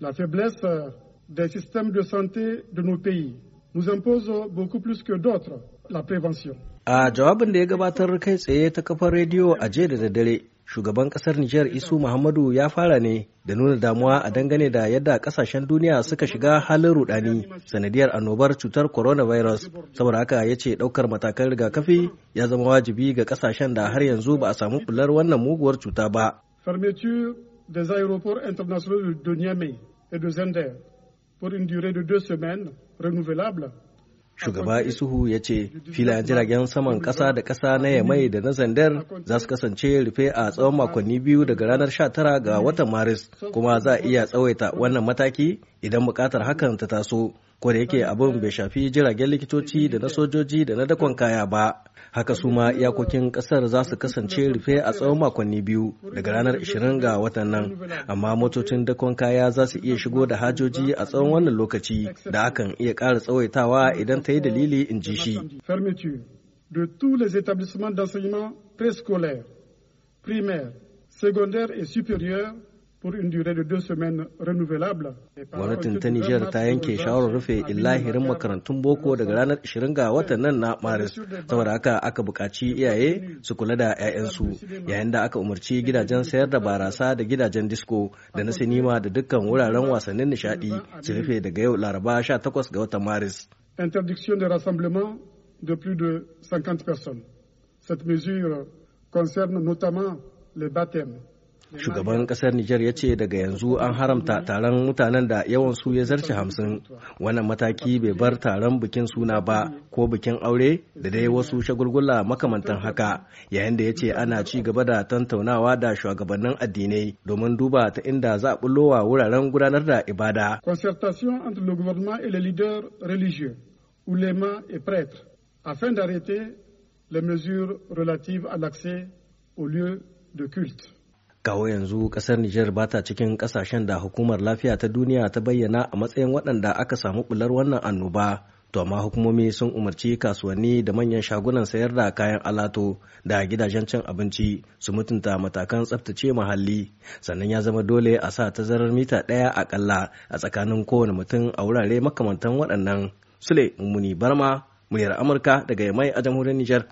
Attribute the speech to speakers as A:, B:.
A: La faiblesse euh, des systèmes de santé de nos pays nous impose beaucoup plus que d'autres la prévention.
B: A jawabin da ya gabatar kai tsaye ta kafar rediyo a jiya da daddare, shugaban kasar Nijar Isu Muhammadu ya fara ne da nuna damuwa a dangane da yadda kasashen duniya suka shiga halin rudani sanadiyar annobar cutar coronavirus. Saboda haka ya ce ɗaukar matakan rigakafi ya zama wajibi ga kasashen da har yanzu ba a samu bular wannan muguwar cuta ba.
A: Fermeture des aéroports internationaux de Niamey et de Zender pour une durée de deux semaines renouvelable
B: shugaba isuhu ya ce filayen jiragen saman ƙasa da ƙasa na yamai da na zandar za su kasance rufe a tsawon makonni biyu daga ranar 19 ga watan maris kuma za a iya tsawaita wannan mataki idan buƙatar hakan ta taso ko da yake abin bai shafi jiragen likitoci da na sojoji da na dakon kaya ba haka su ma iyakokin kasar za su kasance rufe a tsawon makonni biyu daga ranar 20 ga watan nan amma motocin dakon kaya za su iya shigo da hajoji a tsawon wannan lokaci da akan iya ƙara tsawaitawa idan ta yi dalili in ji shi
A: de tous les établissements d'enseignement préscolaire, primaire, secondaire et supérieur pour une durée de deux semaines
B: Gwamnatin ta Nijar ta yanke shawarar rufe illahirin makarantun boko daga ranar 20 ga watan nan na Maris. Saboda haka aka buƙaci iyaye su kula da 'ya'yansu yayin da aka umarci gidajen sayar da barasa da gidajen disco da na sinima da dukkan wuraren wasannin nishadi su rufe daga yau Laraba 18 ga watan Maris.
A: Interdiction de rassemblement de plus de 50 personnes. Cette mesure concerne notamment les baptêmes.
B: Shugaban kasar Nijar ya ce daga yanzu an haramta taron mutanen da yawan su ya zarce hamsin. Wannan mataki bai bar taron bikin suna ba ko bikin aure da dai wasu shagulgula makamantan haka yayin da ya ce ana ci gaba da tantaunawa da shugabannin addinai domin duba ta inda za a bullowa wuraren
A: gudanar da ibada. Concertation entre le gouvernement et les leaders religieux, ulémas et prêtres, afin d'arrêter les mesures relatives à l'accès aux lieux de culte.
B: kawo yanzu kasar Nijar ba ta cikin kasashen da hukumar lafiya ta duniya ta bayyana a matsayin waɗanda aka samu bular wannan annoba. To amma hukumomi sun umarci kasuwanni da manyan shagunan sayar da kayan alato da gidajen cin abinci su mutunta matakan tsaftace muhalli sannan ya zama dole a sa tazarar mita ɗaya akalla a tsakanin kowane mutum a wurare makamantan waɗannan. Sule Mummuni Barma, muryar Amurka daga Yamai a jamhuriyar Nijar.